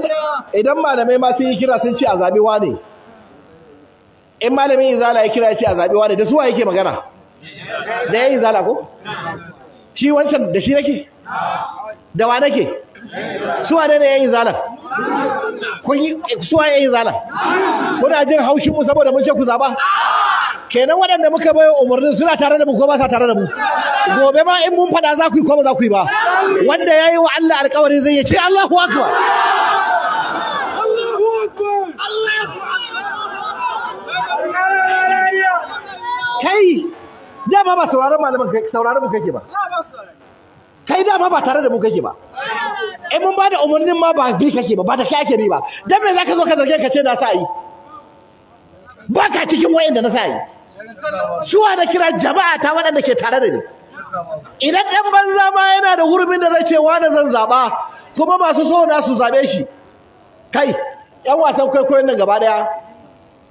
dai idan malamai ma sun yi kira sun ce a zaɓi wane in malamin izala ya kira ya ce a zaɓi wane da suwa yake magana da ya yi izala ko shi wancan da shi yake da wa nake suwa ne yayin zalan kun yi suwa yayin zalan kuna jin haushin mu saboda mun ce ku zaba kenan waɗanda muka bayo umarnin suna tare da mu ko ba sa tare da mu gobe ma in mun faɗa za ku yi ko ba za ku yi ba wanda yayi wa Allah alƙawari zai ce Allahu akbar Allahu akbar Allahu akbar kai Da ba sauraron malaman sauraron mu kake ba yi dama ba tare da mu kake ba in eh, mun bada umarnin ma ba bi kake ba ba ta kai ake bi ba dan me zaka zo ka zarge ka ce na sa ba ka cikin wayanda na sa'i. yi suwa na kira jama'a ta waɗanda ke tare da ni idan ɗan banza ma yana da hurumin da zai ce wani zan zaɓa kuma masu so na su zaɓe shi kai ƴan wasan kwaikwayon nan gaba ɗaya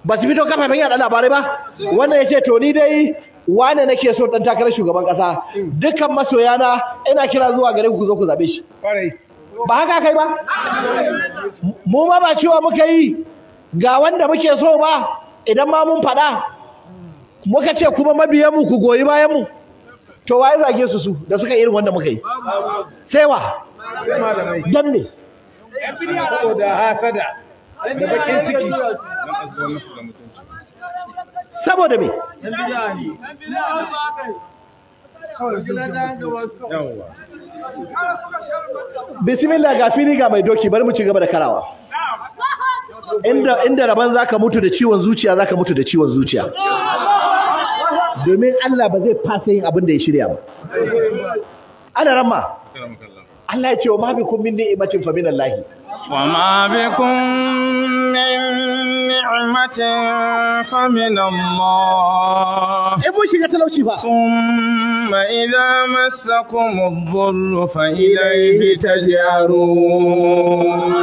ba su fito kafafen yada labarai ba wanda ya ce to ni dai wane nake so dan takarar shugaban kasa dukkan na ina kira zuwa gare ku zo ku zabe shi ba haka kai ba mu ma ba cewa muka yi ga wanda muke so ba idan ma mun faɗa muka ce kuma mabiyan mu ku goyi bayan mu to waye zage su su da suka irin wanda muka yi sai wa dan saboda me bismillah ga fili ga mai doki bari mu ci gaba da karawa inda inda raban zaka mutu da ciwon zuciya zaka mutu da ciwon zuciya domin Allah ba zai fasa yin abin da ya shirya ba ana ramma Allah ya ce wa mabikum bikum min ni'matin fa minallahi wa mabikum رحمة فمن الله ثم إذا مسكم الضر فإليه تجأرون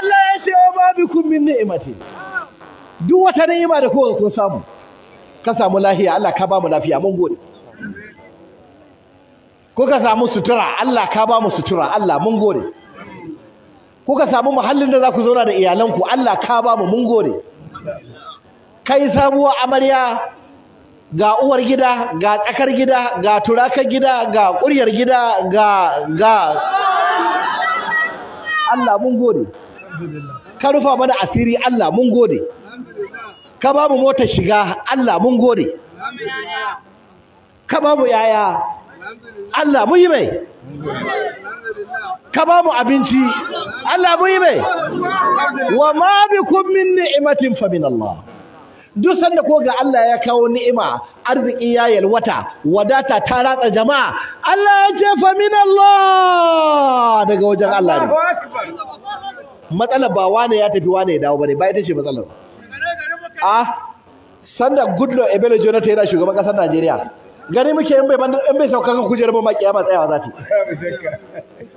الله يسير بكم من نعمته duk wata ni'ima da kowa kun samu ka samu lafiya Allah ka ba mu lafiya mun gode ko ka samu sutura Allah ka ba mu sutura Allah mun gode kuka samu muhallin da za ku zauna da iyalanku Allah ka ba mu mun gode kai sabuwar amarya ga uwar gida ga tsakar gida ga turakar gida ga ƙuryar gida ga ga Allah mun gode ka rufa mana asiri Allah mun gode ka ba mu motar shiga Allah mun gode ka ba mu yaya Allah mun yi mai ka ba mu abinci Allah mun yi mai wa ma bikum min ni'matin fa min Allah duk sanda ko ga Allah ya kawo ni'ima arziki ya yalwata wadata ta ratsa jama'a Allah ya ce fa min Allah daga wajen Allah ne matsalar ba wane ya tafi wane ya dawo bane ba ita ce matsalar a ah, sanda Goodluck Ebele Jonathan yana shugaban kasar Najeriya gani muke yin bai bandar in bai sauka kan kujerar ba kiyama tsayawa za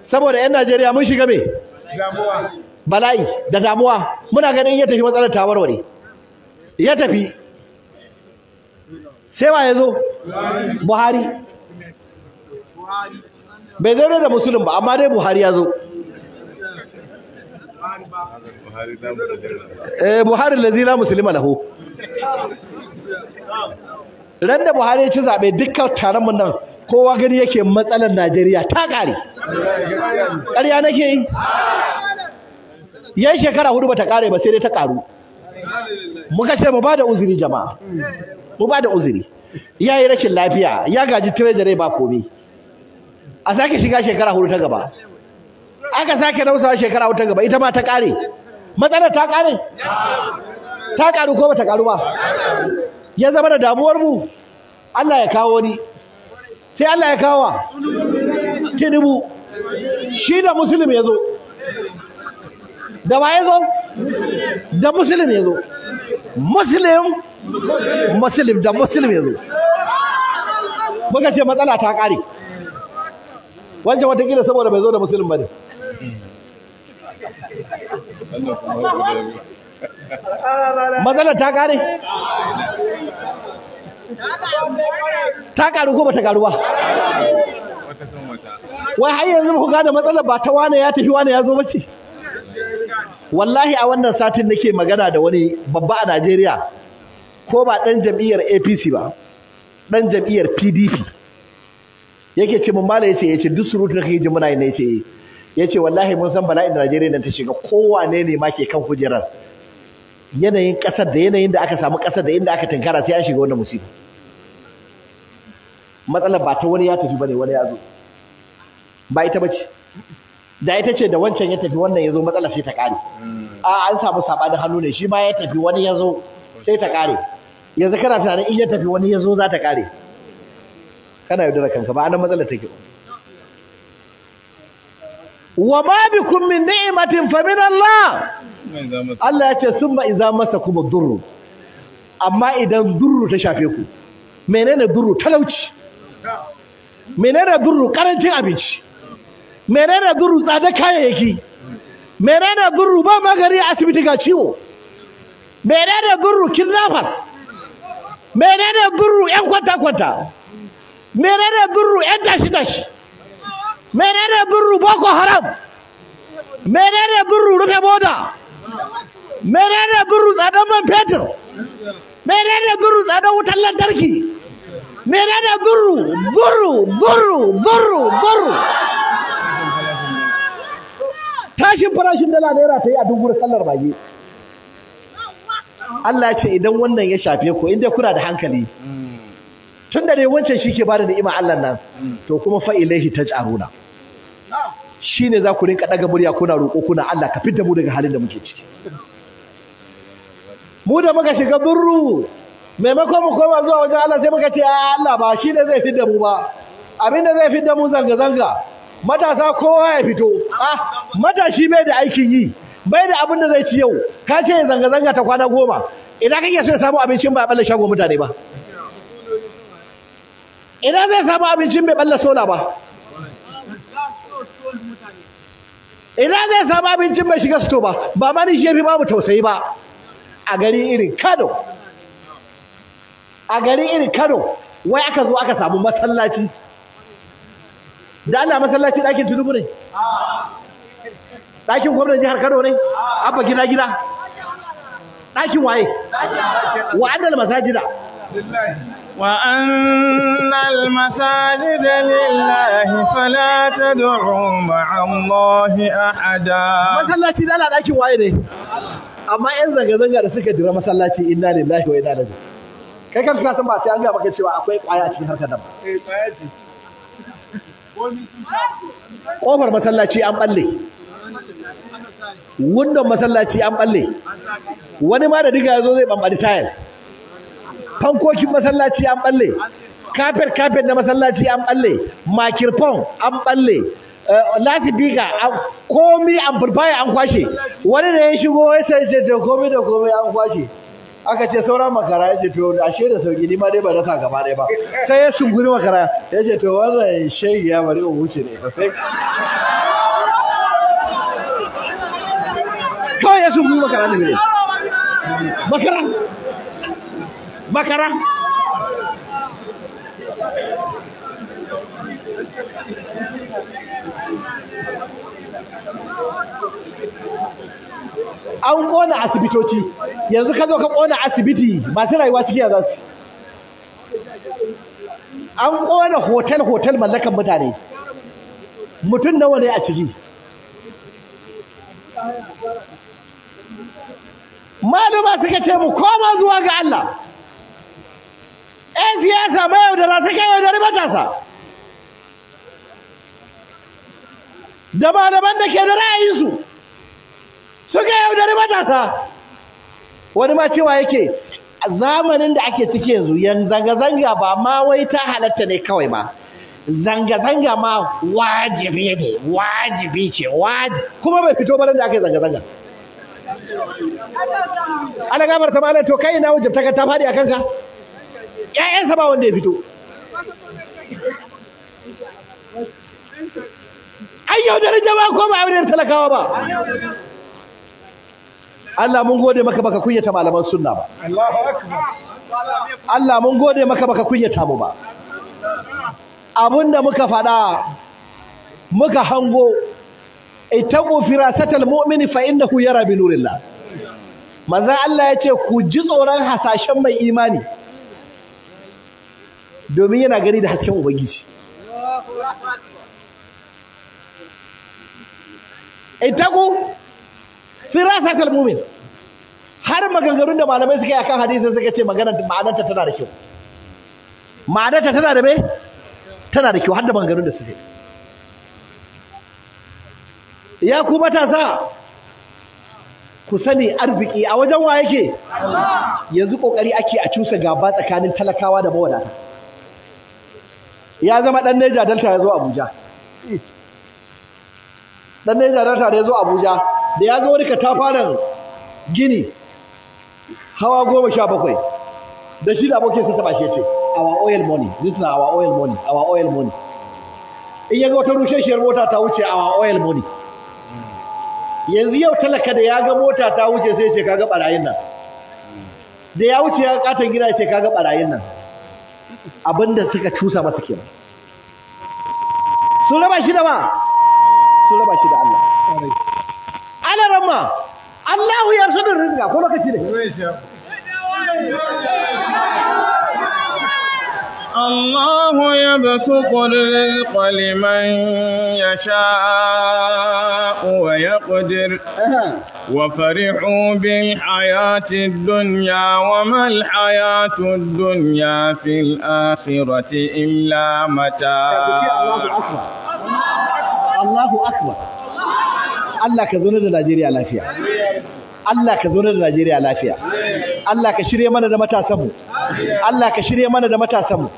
saboda yan Najeriya mun shiga me bala'i da damuwa muna ganin ya tafi matsalar ta warware ya tafi sai wa ya zo Buhari bai zai da musulun ba amma dai Buhari ya zo Buhari eh, lazi na musulma lahu ran da buhari ya ci zaɓe dukkan taron mu nan kowa gani yake matsalar najeriya ta ƙare ƙarya nake yi yan shekara hudu bata ƙare ba sai dai ta ƙaru muka ce mu ba da uzuri jama'a mu ba da uzuri ya yi rashin lafiya ya gaji tirejare ba kome. a sake shiga shekara hudu ta gaba aka sake nausawa shekara hudu ta gaba ita ma ta ƙare matsalar ta ƙare ta ƙaru ko bata ƙaru ba ya zama da damuwar mu Allah ya kawo ni sai Allah ya kawo tinubu shi da musulmi ya zo da ba ya zo da musulmi ya zo musulmi musulmi da musulmi ya zo muka ce matsala ta kare wancan watakila saboda bai zo da musulmi ba ne matsalar ta kare ta karu ko bata karu ba wai har yanzu ku gane matsalar ba ta wane ya tafi wane ya zo ba wallahi a wannan satin nake magana da wani babba a Najeriya ko ba ɗan jam'iyyar APC ba ɗan jam'iyyar PDP yake ce mun mala yace yace duk surutu da kake ji muna yi ne yace yace wallahi mun san bala'in da Najeriya nan ta shiga kowane ne ma ke kan kujerar yanayin ƙasar da yanayin da aka samu ƙasar da inda aka tankara sai an shiga wannan musiba matsalar ba ta wani ya tafi bane wani ya zo ba ita bace da ita ce da wancan ya tafi wannan ya zo matsalar sai ta kare a an samu sabanin hannu ne shi ma ya tafi wani ya zo sai ta kare yanzu kana tunanin in ya tafi wani ya zo za ta kare kana yaudara kanka ba anan matsalar take wa ma bikum min ni'matin fa min Allah Allah ya ce iza masa kuma durru amma idan durru ta shafe ku menene durru talauci menene durru karancin abinci menene durru tsada kayayyaki menene durru ba magani a asibiti ga ciwo menene durru kidnappers menene durru yan kwanta kwanta menene durru yan dashi dashi menene durru boko haram menene durru rufe boda menene guru tsadan man fetur menene guru tsadan wutar lantarki menene guru guru guru guru guru tashin farashin dala naira ta yi a dunguwar sallar bage Allah ya ce idan wannan ya shafe ku inda kuna da hankali tun da ne wancan shi ke bada ni'ima Allah nan to kuma fa ilaihi taj'aruna shine za ku rinka daga murya kuna roƙo kuna Allah ka fitar mu daga halin da muke ciki mu da muka shiga burru maimakon mu koma zuwa wajen Allah sai muka ce Allah ba shi ne zai fitar mu ba abin da zai fitar mu zanga zanga matasa kowa ya fito ah matashi bai da aikin yi bai da abin da zai ci yau ka ce zanga zanga ta kwana goma idan kake so ya samu abincin ba a balle shago mutane ba ina zai samu abincin bai balle sola ba ina zai samu abincin bai shiga sito ba ba ma ni shi yafi babu tausayi ba a gari irin Kano a gari irin Kano wai aka zo aka samu masallaci da Allah masallaci ɗakin tudubu ne ɗakin gwamnan jihar Kano ne abba gida gida ɗakin waye wa'adar masajida وأن المساجد لله فلا تدعوا مع الله أحدا مسلاتي لا لا أكي وايدي amma yan zanga-zanga da suka dira masallaci inna lillahi wa inna ilaihi kai kan kasan ba sai an gaya maka cewa akwai kwaya a cikin harkar nan eh, kofar masallaci an balle windon masallaci an balle wani ma da diga ya zo zai bambali tayal. fankokin masallaci an balle kafir kafir na masallaci an balle makirfon an balle eh, biga komi burbaya an kwashe wani da ya shigo ya sai ce da komi da komi an kwashe aka ce sauran makara ya ce to ashe da sauki ni ma dai ba sa gaba dai ba sai ya shunguri makara ya ce to wannan shehi ya bari in wuce ne sai kawai ya shunguri makara ne makara bakara an kona asibitoci yanzu ka zo ka kona asibiti masu rayuwa ciki yanzu. su an kona hotel hotel mallakan mutane mutum nawa ne a ciki malama suka ce mu koma zuwa ga Allah 'yan siyasa mai yaudara suka yaudari matasa daban-daban da ke da ra'ayinsu suka yaudari matasa wani ma cewa yake zamanin da ake ciki yanzu yanzu zanga-zanga ba ma wai ta halatta ne kawai ba zanga-zanga ma wajibi ne wajibi ce kuma bai fito ba da ake zanga-zanga ana gabar ta malar to kai na wajibta ka ta faɗi a kanka ƴaƴansa ba wanda ya fito an yaudar jama'a ko ba da talakawa ba Allah mun gode maka baka kunyata malaman sunna ba Allah mun gode maka baka kunyata mu ba abinda muka faɗa muka hango ita kofira firasatal mu'mini fa innahu yara bi nurillah maza Allah ya ce ku ji tsoron hasashen mai imani domin yana gani da hasken ubangiji itaku firasatul mu'min har maganganun da malamai suka yi akan hadisi suka ce maganar ma'anarta tana da kyau ma'anarta tana da me tana da kyau har da maganganun da suka yi ya ku matasa ku sani arziki a wajen wa yake yanzu kokari ake a cusa gaba tsakanin talakawa da mawadata ya zama dan Neja Delta ya zo Abuja dan Neja Delta da ya zo Abuja da ya zo wani katafaren gini hawa goma sha bakwai da shi da abokin sun taba shi ce our oil money this is our oil money our oil money in ya ga wata shiyar mota ta wuce our oil money yanzu yau talaka da ya ga mota ta wuce sai ce kaga barayin nan da ya wuce ya katon gida ce kaga barayin nan abinda suka cusa masa kenan sun raba shi da ma sun raba shi da Allah ana ramma Allahu yarsudur rizqa ko lokaci ne الله يبسط الرزق لمن يشاء ويقدر وفرحوا بالحياة الدنيا وما الحياة الدنيا في الآخرة إلا متاع الله أكبر الله أكبر الله كذنب نيجيريا لافيا Allah ka zo da Najeriya lafiya Allah ka shirye mana da matasanmu Allah ka shirye mana da matasanmu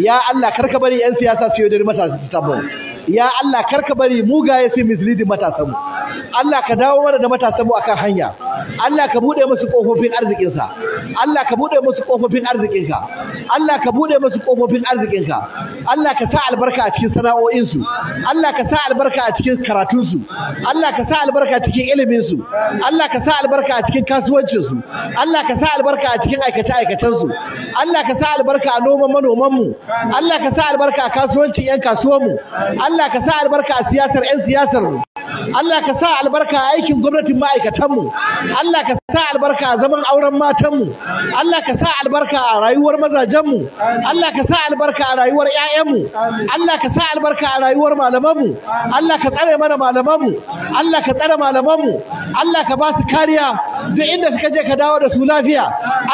ya Allah ka bari 'yan siyasa su yaudari matasanmu ya Allah ka bari mugaye su misleading matasanmu Allah ka dawo mana da matasan mu akan hanya Allah ka bude musu kofofin arzikinsa Allah ka bude musu kofofin arzikinka Allah ka bude musu kofofin arzikinka Allah ka sa albarka a cikin sana'o'insu Allah ka sa albarka a cikin karatunsu Allah ka sa albarka a cikin iliminsu Allah ka sa albarka a cikin kasuwancinsu Allah ka sa albarka a cikin aikace-aikacensu Allah ka sa albarka a noman manomanmu Allah ka sa albarka a kasuwancin 'yan kasuwanmu Allah ka sa albarka a siyasar 'yan siyasar mu Allah ka sa albarka a aikin gwamnatin ma'aikatanmu Allah ka sa albarka a zaman auren matanmu Allah ka sa albarka a rayuwar mazajenmu Allah ka sa albarka a rayuwar ƴaƴanmu. Allah ka sa albarka a rayuwar malamanmu Allah ka tsare mana malamanmu Allah ka tsare malamanmu Allah ka ba su kariya duk inda suka je ka dawo da su lafiya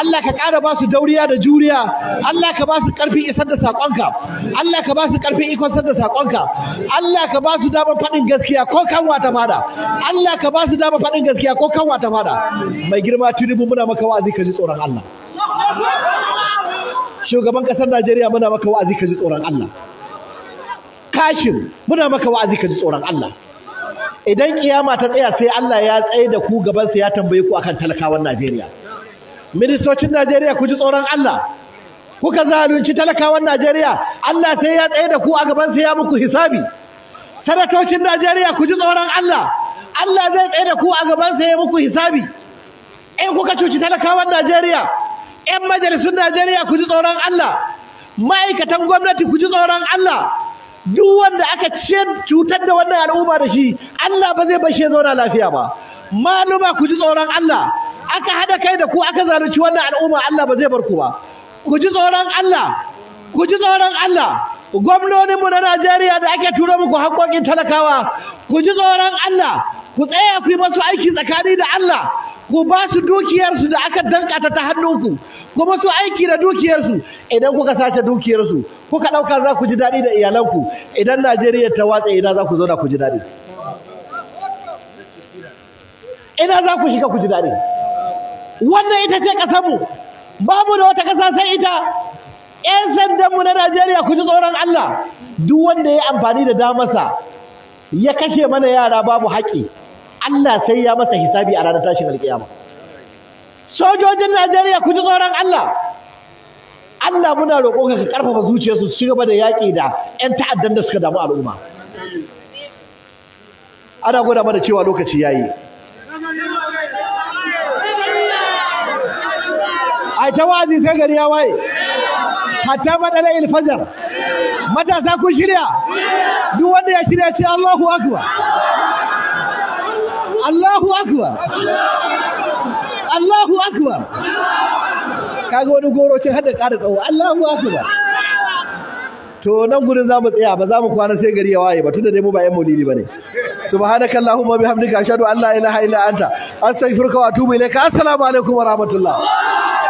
Allah ka ƙara ba su dauriya da juriya Allah ka ba su ƙarfi isar da saƙonka Allah ka ba su ƙarfi ikon isar da saƙonka Allah ka ba su damar faɗin gaskiya ko ka kan ta fada Allah ka ba su dama faɗin gaskiya ko kan ta fada mai girma tunibu muna maka wa'azi ka ji tsoron Allah shugaban ƙasar Najeriya muna maka wa'azi ka ji tsoron Allah Kashin muna maka wa'azi ka ji tsoron Allah idan kiyama ta tsaya sai Allah ya tsaye da ku gabansa ya tambaye ku akan talakawan Najeriya ministocin Najeriya ku ji tsoron Allah kuka zalunci talakawan Najeriya Allah sai ya tsaye da ku a gabansa ya muku hisabi sanatocin Najeriya ku ji tsoron Allah Allah zai tsaye da ku a gabansa ya muku hisabi in kuka cuci talakawan Najeriya yan majalisun Najeriya ku ji tsoron Allah ma'aikatan gwamnati ku ji tsoron Allah duk wanda aka cutar da wannan al'umma da shi Allah ba zai bashe zauna lafiya ba maluma ku ji tsoron Allah aka hada kai da ku aka zalunci wannan al'umma Allah ba zai bar ku ba ku ji tsoron Allah ku ji tsoron Allah gwamnoninmu na Najeriya da ake tura muku haƙoƙin talakawa ku ji tsoron Allah ku tsaya ku yi masu aiki tsakani da Allah ku ba su dukiyarsu da aka dankata ta hannunku ku su aiki da dukiyarsu idan kuka sace dukiyarsu kuka ɗauka za ku ji daɗi da iyalanku idan Najeriya ta watsa ina za ku zo da ku ji daɗi ina za ku shiga ku ji daɗi wannan ita ce ƙasarmu babu da wata ƙasa sai ita 'yan sandanmu na Najeriya ku ji tsoron Allah duk wanda ya amfani da damasa ya kashe mana yara babu haƙƙi Allah sai ya masa hisabi a ranar tashin alƙiyama sojojin Najeriya ku ji tsoron Allah Allah muna roƙo ka ƙarfafa zuciyarsu su ci gaba da yaƙi da 'yan ta'addan da suka damu al'umma ana gwada mana cewa lokaci yayi ai ta wa'azi sai gari ya waye hatta badala ilfazar? matasa kun shirya duk wanda ya shirya ce Allahu akbar Allahu akbar Allahu akbar kaga wani goro ce har da tsawo Allahu akbar to nan gudun za mu tsaya ba za mu kwana sai gari ya waye ba tunda dai mu ba yan maulidi bane subhanakallahumma bihamdika ashhadu an la ilaha illa anta astaghfiruka wa atubu ilaika assalamu alaikum wa rahmatullah